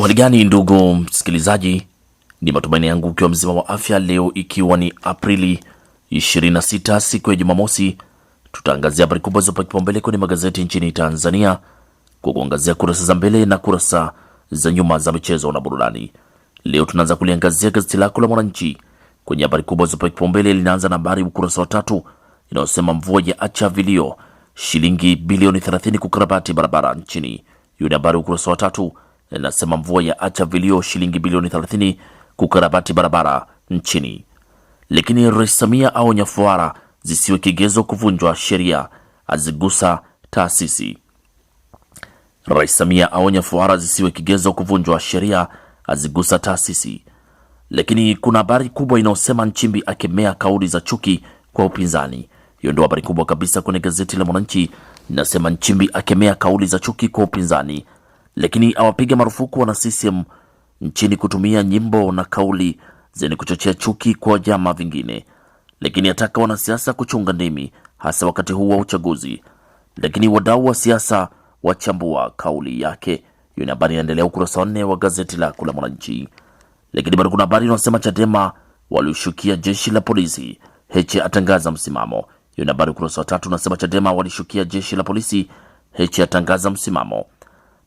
Hali gani ndugu msikilizaji, ni matumaini yangu ukiwa mzima wa afya. Leo ikiwa ni Aprili 26 siku ya Jumamosi, tutaangazia habari kubwa zopa kipaumbele kwenye magazeti nchini Tanzania kwa kuangazia kurasa za mbele na kurasa za nyuma za michezo na burudani. Leo tunaanza kuliangazia gazeti lako la Mwananchi kwenye habari kubwa zopa kipaumbele, linaanza na habari ukurasa wa tatu inayosema mvua ya acha vilio, shilingi bilioni 30 kukarabati barabara nchini. Hiyo ni habari ukurasa wa tatu linasema mvua ya acha vilio shilingi bilioni 30 kukarabati barabara nchini. Lakini Rais Samia aonya fuara zisiwe kigezo kuvunjwa sheria, azigusa taasisi. Rais Samia aonya fuara zisiwe kigezo kuvunjwa sheria, azigusa taasisi. Lakini kuna habari kubwa inayosema Nchimbi akemea kauli za chuki kwa upinzani. Hiyo ndio habari kubwa kabisa kwenye gazeti la Mwananchi, inasema Nchimbi akemea kauli za chuki kwa upinzani lakini awapiga marufuku wana CCM nchini kutumia nyimbo na kauli zenye kuchochea chuki kwa vyama vingine, lakini ataka wanasiasa kuchunga ndimi hasa wakati huu wa uchaguzi, lakini wadau wa siasa wachambua kauli yake. Hiyo ni habari inaendelea ukurasa wa nne wa gazeti la kula Mwananchi. Lakini bado kuna habari inayosema Chadema walishukia jeshi la polisi, Heche atangaza msimamo. Hiyo ni habari ukurasa wa tatu, unasema Chadema walishukia jeshi la polisi, Heche atangaza msimamo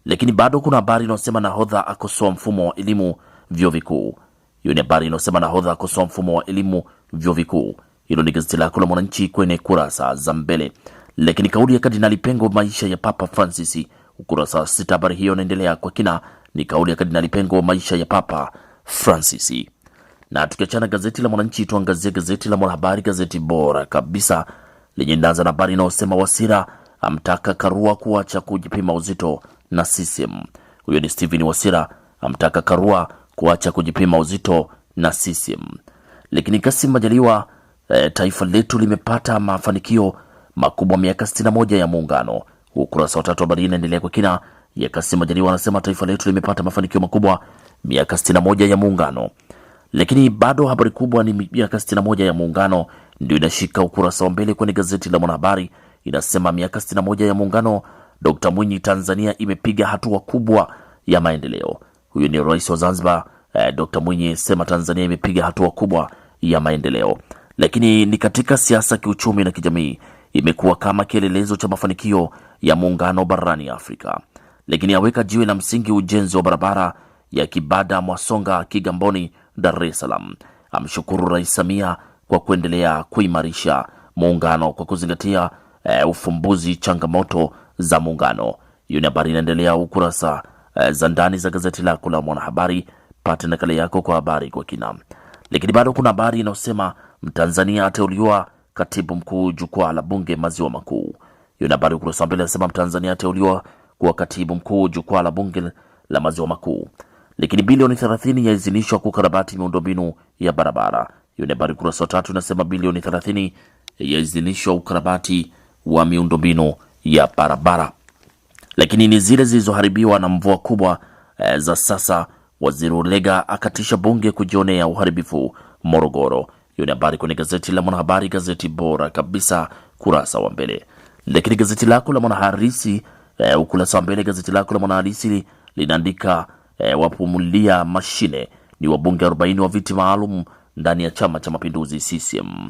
lakini bado kuna habari inayosema nahodha akosoa mfumo wa elimu vyuo vikuu. Hiyo ni habari inayosema nahodha akosoa mfumo wa elimu vyuo vikuu. Hilo ni gazeti lako la Mwananchi kwenye kurasa za mbele. Lakini kauli ya Kardinali Pengo, maisha ya Papa Francis, ukurasa wa sita. Habari hiyo inaendelea kwa kina, ni kauli ya Kardinali Pengo, maisha ya Papa Francis. Na tukiachana gazeti la Mwananchi, tuangazie gazeti la Mwanahabari, gazeti bora kabisa lenye ndaza na habari inayosema Wasira amtaka Karua kuacha kujipima uzito na CCM. Huyo ni Steven Wasira amtaka Karua kuacha kujipima uzito na CCM. Lakini Kassim Majaliwa, e, taifa letu limepata mafanikio makubwa miaka 61 ya muungano. Ukurasa wa tatu wa habari inaendelea kwa kina ya Kassim Majaliwa anasema taifa letu limepata mafanikio makubwa miaka 61 ya muungano. Lakini bado habari kubwa ni miaka 61 ya muungano ndio inashika ukurasa wa mbele kwenye gazeti la Mwanahabari, inasema miaka 61 ya muungano Dr Mwinyi, Tanzania imepiga hatua kubwa ya maendeleo. Huyo ni rais wa Zanzibar eh, Dr Mwinyi sema Tanzania imepiga hatua kubwa ya maendeleo, lakini ni katika siasa, kiuchumi na kijamii imekuwa kama kielelezo cha mafanikio ya muungano barani Afrika, lakini aweka jiwe la msingi ujenzi wa barabara ya Kibada Mwasonga Kigamboni Dar es Salaam. Amshukuru Rais Samia kwa kuendelea kuimarisha muungano kwa kuzingatia eh, ufumbuzi changamoto za muungano. Hiyo ni habari inaendelea ukurasa eh, za ndani za gazeti lako la Mwanahabari. Pate nakala yako kwa habari kwa kina. Lakini bado kuna habari inayosema Mtanzania ateuliwa katibu mkuu jukwaa la bunge maziwa makuu. Hiyo ni habari ukurasa wa mbele, inasema Mtanzania ateuliwa kuwa katibu mkuu jukwaa la bunge la maziwa makuu. Lakini bilioni 30 yaidhinishwa kukarabati miundombinu ya barabara. Hiyo ni habari ukurasa wa tatu, inasema bilioni 30 yaidhinishwa ukarabati wa miundombinu ya barabara, lakini ni zile zilizoharibiwa na mvua kubwa e, za sasa. Waziri Ulega akatisha bunge kujionea uharibifu Morogoro. Hiyo ni habari kwenye gazeti la Mwanahabari, gazeti bora kabisa, kurasa wa mbele. Lakini gazeti lako la Mwanaharisi e, ukurasa wa mbele, gazeti lako la Mwanaharisi linaandika e, wapumulia mashine ni wabunge 40 wa viti maalum ndani ya Chama cha Mapinduzi CCM.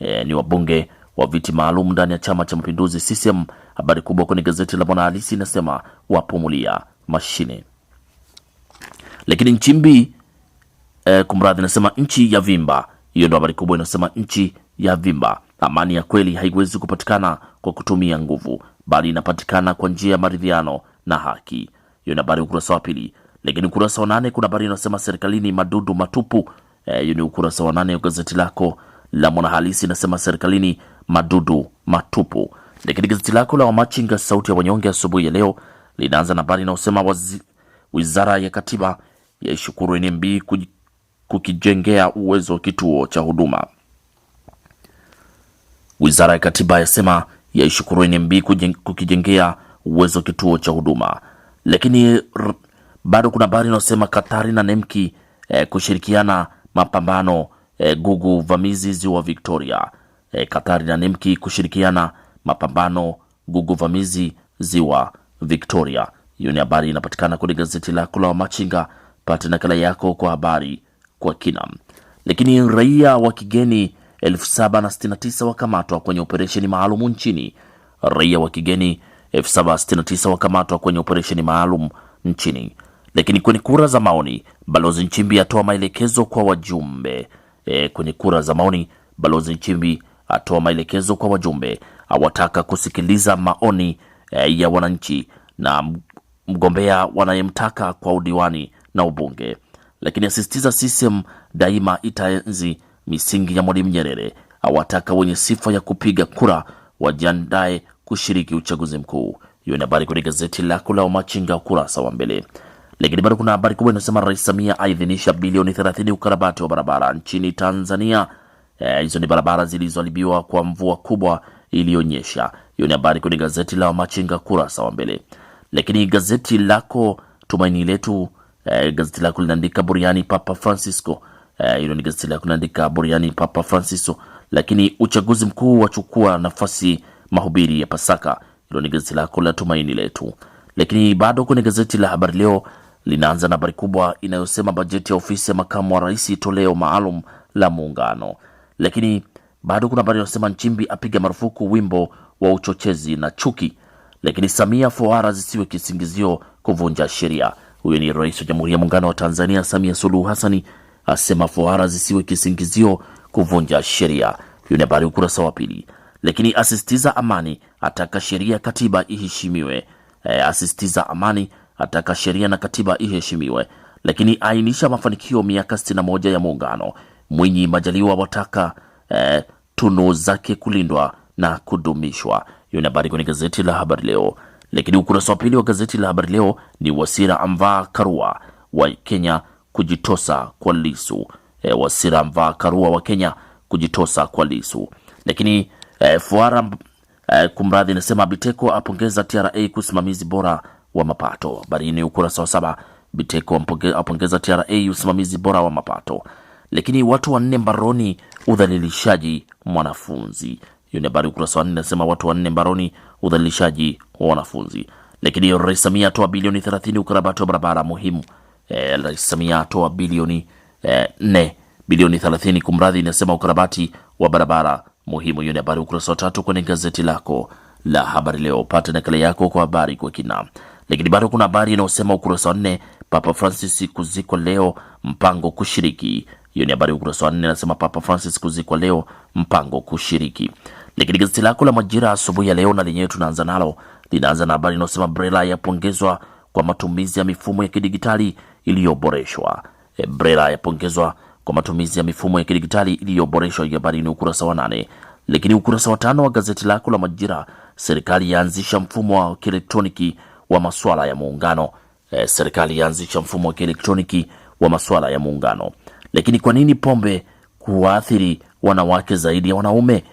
E, ni wabunge wa viti maalum ndani ya Chama cha Mapinduzi CCM. Habari kubwa kwenye gazeti la Mwanahalisi inasema wapumulia mashine, lakini Nchimbi eh, kumradhi, inasema nchi ya vimba. Hiyo ndo habari kubwa inasema nchi ya vimba. Amani ya kweli haiwezi kupatikana kwa kutumia nguvu, bali inapatikana kwa njia ya maridhiano na haki. Hiyo ni habari ukurasa wa pili, lakini ukurasa wa nane kuna habari inasema serikalini madudu matupu. Eh, hiyo eh, ni ukurasa wa nane wa gazeti lako la Mwanahalisi inasema serikalini madudu matupu. Lakini gazeti lako la Wamachinga sauti ya wanyonge asubuhi ya leo linaanza na habari inayosema wizara ya katiba yaishukuru NMB kukijengea uwezo kituo cha huduma. Wizara ya katiba yasema yaishukuru NMB kukijengea uwezo kituo cha huduma. Lakini bado kuna habari inayosema Katari na Nemki eh, kushirikiana mapambano eh, gugu vamizi ziwa Victoria e, Katari na Nimki kushirikiana mapambano gugu vamizi ziwa Victoria. Hiyo ni habari inapatikana kwenye gazeti lako la Wamachinga. Pata nakala yako kwa habari kwa kina. Lakini raia wa kigeni 1769 wakamatwa kwenye operesheni maalum nchini. Raia wa kigeni 1769 wakamatwa kwenye operesheni maalum nchini. Lakini kwenye kura za maoni, Balozi Nchimbi atoa maelekezo kwa wajumbe. E, kwenye kura za maoni Balozi Nchimbi atoa maelekezo kwa wajumbe, awataka kusikiliza maoni eh, ya wananchi na mgombea wanayemtaka kwa udiwani na ubunge, lakini asisitiza CCM daima itaenzi misingi ya Mwalimu Nyerere. Awataka wenye sifa ya kupiga kura wajiandae kushiriki uchaguzi mkuu. Hiyo ni habari kwenye gazeti lako la Wamachinga ukurasa wa mbele. Lakini bado kuna habari kubwa inasema Rais Samia aidhinisha bilioni 30 ukarabati wa barabara nchini Tanzania. Eh, hizo e, ni barabara zilizoharibiwa kwa mvua kubwa iliyonyesha. Hiyo ni habari kwenye gazeti la Machinga kurasa wa mbele, lakini gazeti lako Tumaini Letu e, gazeti lako linaandika buriani Papa Francisco. Eh, hilo eh, ni gazeti lako linaandika buriani Papa Francisco, lakini uchaguzi mkuu wachukua nafasi mahubiri ya Pasaka. Hilo ni gazeti lako la Tumaini Letu, lakini bado kwenye gazeti la Habari Leo linaanza na habari kubwa inayosema bajeti ya ofisi ya makamu wa rais toleo maalum la muungano lakini bado kuna habari inasema Nchimbi apiga marufuku wimbo wa uchochezi na chuki, lakini Samia foara zisiwe kisingizio kuvunja sheria. Huyo ni Rais wa Jamhuri ya Muungano wa Tanzania Samia Suluhu Hassani asema foara zisiwe kisingizio kuvunja sheria. Hiyo ni habari ukurasa wa pili, lakini asisitiza amani, ataka sheria katiba iheshimiwe. E, asisitiza amani, ataka sheria na katiba iheshimiwe, lakini ainisha mafanikio miaka 61 ya muungano Mwinyi Majaliwa wataka eh, tunu zake kulindwa na kudumishwa. Hiyo ni habari kwenye gazeti la Habari Leo, lakini ukurasa wa pili wa gazeti la Habari Leo ni Wasira amvaa Karua wa Kenya kujitosa kwa Lisu. E, Wasira amvaa Karua wa Kenya kujitosa kwa Lisu. Lakini e, Fuara e, kumradhi, inasema Biteko apongeza TRA kusimamizi bora wa mapato. Habari hii ni ukurasa wa saba. Biteko apongeza TRA usimamizi bora wa mapato lakini watu wanne mbaroni udhalilishaji mwanafunzi. Hiyo ni habari ukurasa wa nne, nasema watu wanne mbaroni udhalilishaji wa wanafunzi. Lakini Rais Samia atoa bilioni 30 ukarabati wa barabara muhimu. E, Rais Samia atoa bilioni 4 e, bilioni 30 kumradhi, inasema ukarabati wa barabara muhimu. Hiyo ni habari ukurasa wa tatu kwenye gazeti lako la Habari Leo. pata nakala yako kwa habari kwa kina. Lakini bado kuna habari inayosema ukurasa wa nne, Papa Francis kuzikwa leo, mpango kushiriki hiyo ni habari ukurasa wa nne, anasema Papa Francis kuzikwa leo, mpango kushiriki. Lakini gazeti lako la Majira asubuhi ya leo na lenyewe tunaanza nalo, linaanza na habari inayosema Brela yapongezwa kwa matumizi ya mifumo ya kidigitali iliyoboreshwa. E, Brela yapongezwa kwa matumizi ya mifumo ya kidigitali iliyoboreshwa. Hiyo habari ni ukurasa wa nane. Lakini ukurasa wa tano wa gazeti lako la Majira, serikali yaanzisha mfumo wa kielektroniki wa masuala ya muungano. E, serikali yaanzisha mfumo wa kielektroniki wa masuala ya muungano. Lakini kwa nini pombe huwaathiri wanawake zaidi ya wanaume?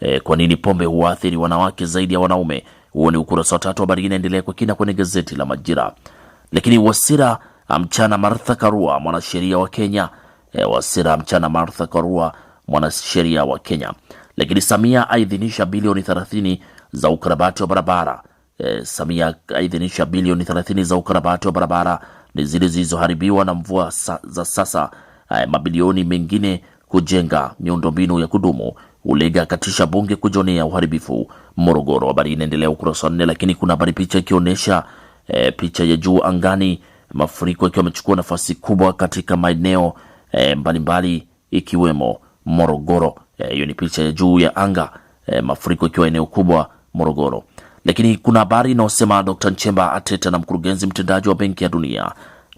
E, kwa nini pombe huwaathiri wanawake zaidi ya wanaume? Huo ni ukurasa wa tatu. Habari inaendelea kwa kina kwenye gazeti la Majira. Lakini Wasira amchana Martha Karua, mwanasheria wa Kenya. E, Wasira amchana Martha Karua, mwanasheria wa Kenya. Lakini Samia aidhinisha bilioni 30 za ukarabati wa barabara. E, Samia aidhinisha bilioni 30 za ukarabati wa barabara ni zile zilizoharibiwa na mvua sa, za sasa eh, mabilioni mengine kujenga miundombinu ya kudumu. Ulega katisha bunge kujionea uharibifu Morogoro. Habari inaendelea ukurasa wa nne, lakini kuna habari picha ikionyesha eh, picha ya juu angani, mafuriko yakiwa yamechukua nafasi kubwa katika maeneo eh, mbalimbali ikiwemo Morogoro. Eh, hiyo e, ni picha ya juu ya anga eh, mafuriko ikiwa eneo kubwa Morogoro. Lakini kuna habari inayosema Dr. Nchemba ateta na mkurugenzi mtendaji wa Benki ya Dunia.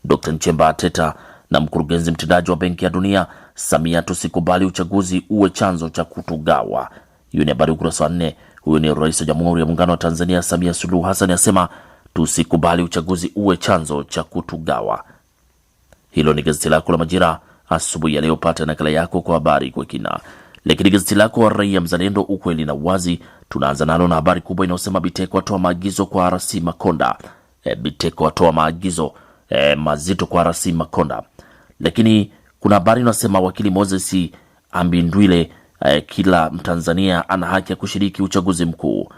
Dr. Nchemba ateta na mkurugenzi mtendaji wa Benki ya Dunia, Samia, tusikubali uchaguzi uwe chanzo cha kutugawa. Hiyo ni habari ukurasa wa nne. Huyo ni Rais wa Jamhuri ya Muungano wa Tanzania Samia Suluhu Hassan asema tusikubali uchaguzi uwe chanzo cha kutugawa. Hilo ni gazeti lako la Majira asubuhi yaliyopata nakala yako kwa habari kwa kina. Lakini gazeti lako wa Raia Mzalendo, ukweli na uwazi, tunaanza nalo na habari kubwa inayosema Biteko atoa maagizo kwa RC Makonda. E, Biteko atoa maagizo e, mazito kwa RC Makonda. Lakini kuna habari inasema wakili Moses Ambindwile, eh, kila Mtanzania ana haki ya kushiriki uchaguzi mkuu.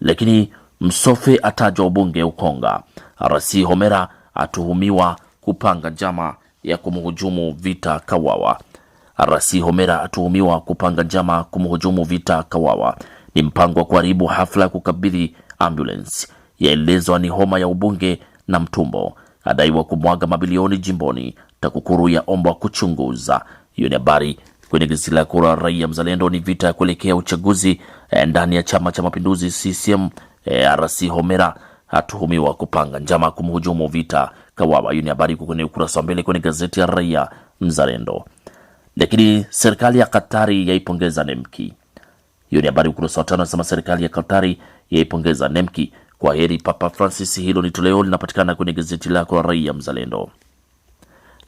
Lakini Msofe atajwa ubunge Ukonga. RC Homera atuhumiwa kupanga njama ya kumhujumu Vita Kawawa. RC Homera atuhumiwa kupanga njama kumhujumu Vita Kawawa. Ni mpango wa kuharibu hafla ya kukabidhi ambulance. Yaelezwa ni homa ya ubunge na mtumbo. Adaiwa kumwaga mabilioni jimboni. TAKUKURU ya ombwa kuchunguza. Hiyo ni habari kwenye gazeti la Kura Raia Mzalendo. Ni vita ya kuelekea uchaguzi eh, ndani ya chama cha mapinduzi CCM. E, eh, RC Homera atuhumiwa kupanga njama kumhujumu Vita Kawawa. Hiyo ni habari kwenye ukurasa wa mbele kwenye gazeti ya Raia Mzalendo. Lakini serikali ya Katari yaipongeza Nemki. Hiyo ni habari ukurasa wa tano, nasema serikali ya Katari yaipongeza Nemki. Kwa heri Papa Francis. Hilo ni toleo linapatikana kwenye gazeti lako la Raia Mzalendo.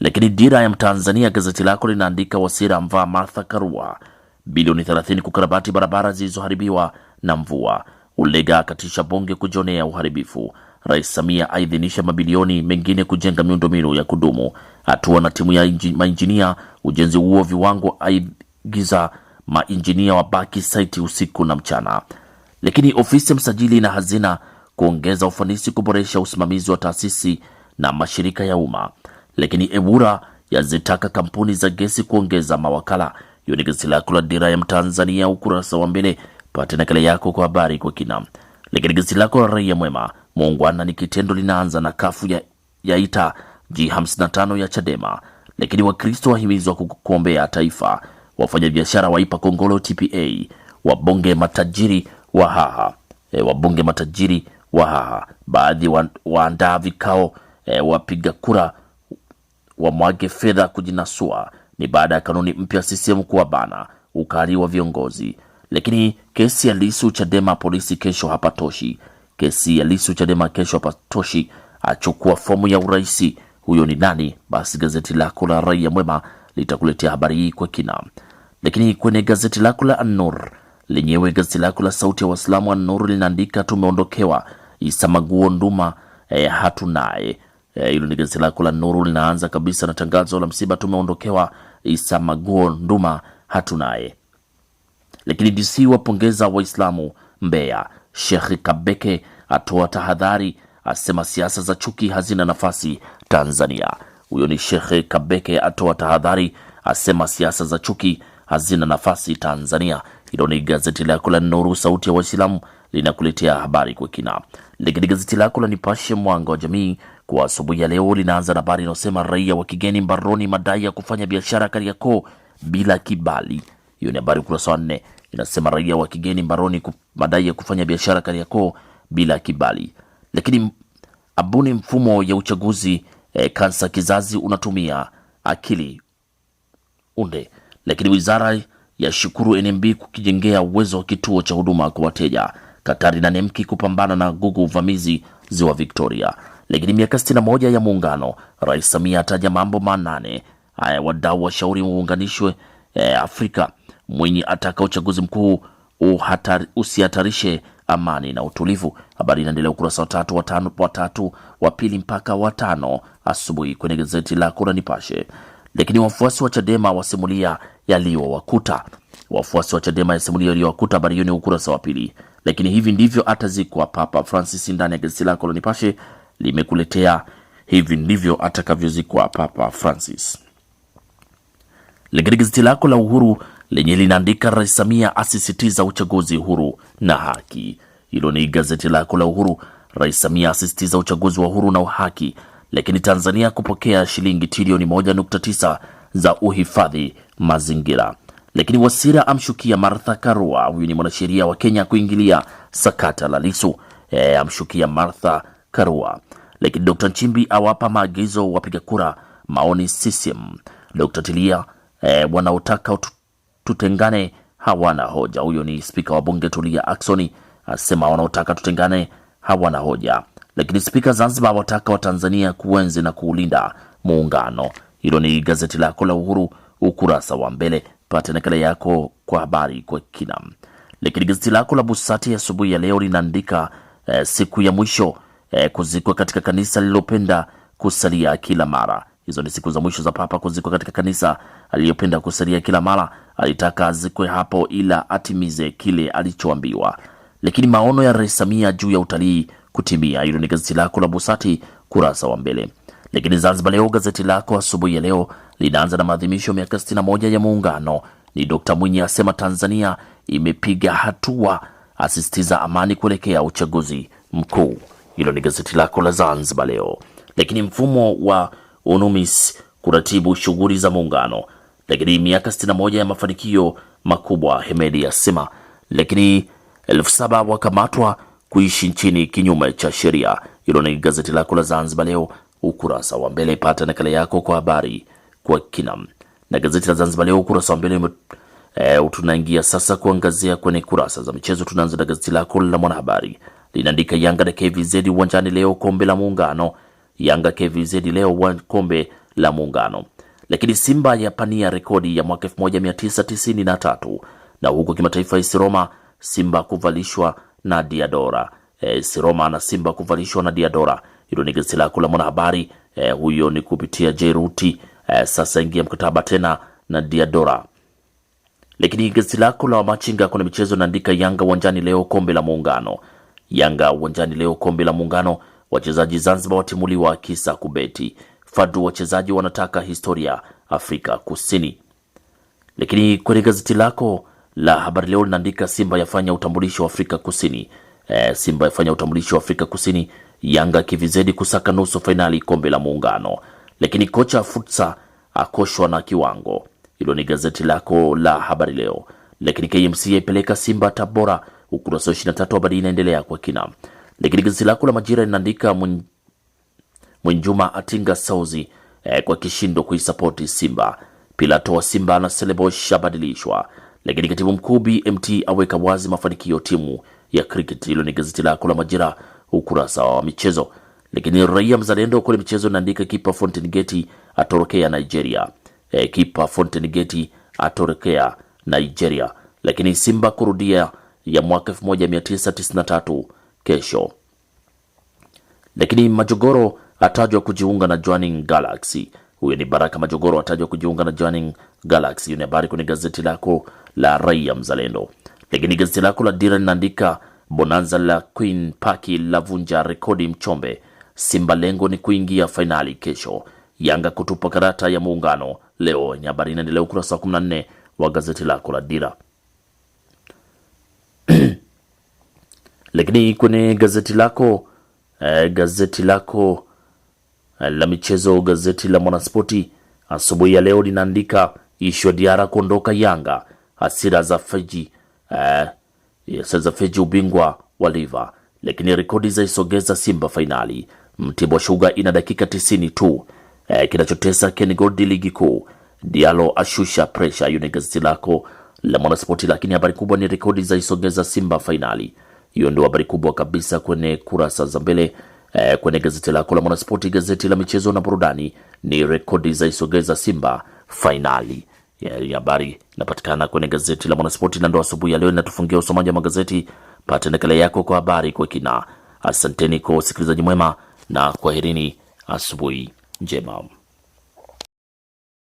Lakini Dira ya Mtanzania gazeti lako linaandika Wasira mvaa Martha Karua, bilioni 30 kukarabati barabara zilizoharibiwa na mvua. Ulega akatisha bunge kujionea uharibifu. Rais Samia aidhinisha mabilioni mengine kujenga miundombinu ya kudumu. Hatua na timu ya mainjinia ujenzi huo viwango, aigiza mainjinia wabaki saiti usiku na mchana. Lakini ofisi ya msajili na hazina kuongeza ufanisi, kuboresha usimamizi wa taasisi na mashirika ya umma lakini EWURA yazitaka kampuni za gesi kuongeza mawakala. Hiyo ni gazeti lako la Dira ya Mtanzania ukurasa wa mbele, pate nakala yako kwa habari kwa kina. Lakini gazeti lako la Raia Mwema, muungwana ni kitendo, linaanza na kafu ya, ya ita G55 ya Chadema, lakini Wakristo wahimizwa kuombea taifa, wafanyabiashara waipa kongolo TPA, wabunge matajiri wa haha e, wabunge matajiri wa haha, baadhi waandaa vikao e, wapiga kura wamwage fedha kujinasua ni baada ya kanuni mpya CCM kuwabana ukali wa viongozi. Lakini kesi ya lisu Chadema polisi kesho hapatoshi. Kesi ya Lissu Chadema kesho hapatoshi, achukua fomu ya uraisi. Huyo ni nani? Basi gazeti lako la Raia Mwema litakuletea habari hii kwa kina. Lakini kwenye gazeti lako la anur lenyewe, gazeti lako la Sauti ya Waislamu Anur linaandika tumeondokewa, Isa Maguo Nduma eh, hatunaye Eh, hilo ni gazeti lako la Nuru, linaanza kabisa na tangazo la msiba, tumeondokewa Isamaguo Nduma hatunaye. Lakini DC wapongeza Waislamu Mbeya. Shekh Kabeke atoa tahadhari, asema siasa za chuki hazina nafasi Tanzania. Huyo ni Shekh Kabeke atoa tahadhari, asema siasa za chuki hazina nafasi Tanzania. Hilo ni gazeti lako la Nuru, sauti ya Waislamu, linakuletea habari kwa kina. Lakini gazeti lako la Nipashe mwanga wa jamii kwa asubuhi ya leo linaanza na habari inayosema raia wa kigeni mbaroni madai ya kufanya biashara Kariakoo bila kibali. Hiyo ni habari ukurasa wa nne, inasema raia wa kigeni mbaroni madai ya kufanya biashara Kariakoo bila kibali. Lakini abuni mfumo ya uchaguzi e, kansa kizazi unatumia akili unde. Lakini wizara ya shukuru NMB kukijengea uwezo wa kituo cha huduma kwa wateja. Katari na Nemki kupambana na gugu uvamizi ziwa Victoria. Lakini miaka 61 ya muungano, Rais Samia ataja mambo manane. Haya, wadau washauri muunganishwe e, Afrika. Mwinyi ataka uchaguzi mkuu uhatari, usihatarishe amani na utulivu. Habari inaendelea ukurasa wa tatu, wa watatu wa pili mpaka watano asubuhi kwenye gazeti la la Nipashe. Lakini wafuasi wa Chadema wasimulia yaliyowakuta, wafuasi wa Chadema yasimulia yaliyowakuta. Habari hiyo ni ukurasa wa pili. Lakini hivi ndivyo atazikwa Papa Francis ndani ya gazeti lako la Nipashe limekuletea. Hivi ndivyo atakavyozikwa Papa Francis. Lakini gazeti lako la Uhuru lenye linaandika Rais Samia asisitiza uchaguzi huru na haki. Hilo ni gazeti lako la Uhuru. Rais Samia asisitiza uchaguzi wa huru na haki. Lakini Tanzania kupokea shilingi trilioni 1.9 za uhifadhi mazingira. Lakini Wasira amshukia Martha Karua, huyu ni mwanasheria wa Kenya, kuingilia sakata la Lisu. E, amshukia Martha Karua. Lakini Dr. Nchimbi awapa maagizo wapiga kura maoni CCM. Dr. Tilia e, wanaotaka tutengane hawana hoja. Huyo ni spika wa bunge Tulia Aksoni asema wanaotaka tutengane hawana hoja. Lakini spika Zanzibar wataka Watanzania kuenzi na kuulinda muungano. Hilo ni gazeti lako la Uhuru ukurasa wa mbele, pate nakala yako kwa habari kwa kina. Lakini gazeti lako la Busati asubuhi ya, ya leo linaandika eh, siku ya mwisho eh, kuzikwa katika kanisa lililopenda kusalia kila mara. Hizo ni siku za mwisho za papa kuzikwa katika kanisa aliyopenda kusalia kila mara. Alitaka azikwe hapo, ila atimize kile alichoambiwa. Lakini maono ya Rais Samia juu ya utalii kutimia. Hilo ni gazeti lako la Busati kurasa wa mbele. Lakini Zanzibar Leo, gazeti lako asubuhi ya leo linaanza na maadhimisho ya miaka 61 ya Muungano. Ni Dkt Mwinyi asema Tanzania imepiga hatua, asisitiza amani kuelekea uchaguzi mkuu. Hilo ni gazeti lako la Zanzibar Leo. Lakini mfumo wa UNUMIS kuratibu shughuli za muungano. Lakini miaka 61 ya mafanikio makubwa, Hemedi asema. Lakini elfu saba wakamatwa kuishi nchini kinyume cha sheria. Hilo ni gazeti lako la Zanzibar Leo ukurasa wa mbele. Pata nakala yako kwa habari kwa kina na gazeti la Zanzibar Leo ukurasa wa mbele. E, eh, tunaingia sasa kuangazia kwenye kurasa za michezo. Tunaanza na gazeti lako la Mwanahabari linaandika Yanga na KVZ uwanjani leo kombe la muungano. Yanga KVZ leo kombe la muungano. Lakini Simba yapania rekodi ya mwaka 1993 na huko kimataifa Roma Simba kuvalishwa na Diadora. E, Roma na Simba kuvalishwa na Diadora. Hilo ni gazeti lako la Mwanahabari. E, huyo ni kupitia Jeruti. E, sasa ingia mkataba tena na Diadora. Lakini gazeti lako la Machinga kuna michezo naandika Yanga uwanjani leo kombe la muungano. Yanga uwanjani leo kombe la Muungano, wachezaji Zanzibar watimuliwa kisa kubeti. Fadu wachezaji wanataka historia Afrika Kusini. Lakini kwenye gazeti lako la Habari Leo linaandika Simba yafanya utambulisho wa Afrika Kusini. E, Simba yafanya utambulisho wa Afrika Kusini. Yanga kivizedi kusaka nusu fainali kombe la Muungano. Lakini kocha futsa akoshwa na kiwango. Hilo ni gazeti lako la Habari Leo. Lakini KMC yaipeleka Simba Tabora ukurasa wa 23 habari inaendelea kwa kina. Lakini gazeti lako la Majira linaandika Mwinjuma atinga sauzi eh, kwa kishindo kuisapoti Simba. Pilato wa Simba na Selebosh abadilishwa. Lakini katibu mkuu BMT aweka wazi mafanikio timu ya cricket. Hilo ni gazeti lako la Majira ukurasa wa michezo. Lakini Raia Mzalendo kule michezo inaandika kipa Fountain Gate atorokea Nigeria. Eh, kipa Fountain Gate atorokea Nigeria. Lakini Simba kurudia ya mwaka 1993 kesho, lakini Majogoro atajwa kujiunga na Joining Galaxy. Huyo ni Baraka Majogoro atajwa kujiunga na Joining Galaxy. Ni habari kwenye gazeti lako la Raia Mzalendo. Lakini gazeti lako la Dira linaandika bonanza la Queen Park lavunja rekodi Mchombe. Simba lengo ni kuingia fainali kesho. Yanga kutupa karata ya muungano leo. Ni habari inaendelea ukurasa wa 14 wa gazeti lako la Dira. Lakini kwenye gazeti lako eh, gazeti lako eh, la michezo, gazeti la Mwanaspoti asubuhi ya leo linaandika Ishwa Diara kuondoka Yanga, hasira za Feji eh, za Feji ubingwa wa Liva, lakini rekodi zaisogeza Simba fainali. Mtibwa shuga ina dakika tisini tu eh, kinachotesa Ken Gold ligi kuu. dialo ashusha presha. Hiyo ni gazeti lako la Mwanaspoti, lakini habari kubwa ni rekodi zaisogeza Simba fainali. Hiyo ndio habari kubwa kabisa kwenye kurasa za mbele eh, kwenye gazeti lako la Mwanaspoti. Gazeti la michezo na burudani ni rekodi za isogeza Simba fainali habari inapatikana kwenye gazeti la Mwanaspoti na ndo asubuhi ya leo inatufungia usomaji wa magazeti. Pata nakala yako kwa habari kwa kina. Asanteni kwa usikilizaji mwema na kwaherini, asubuhi njema.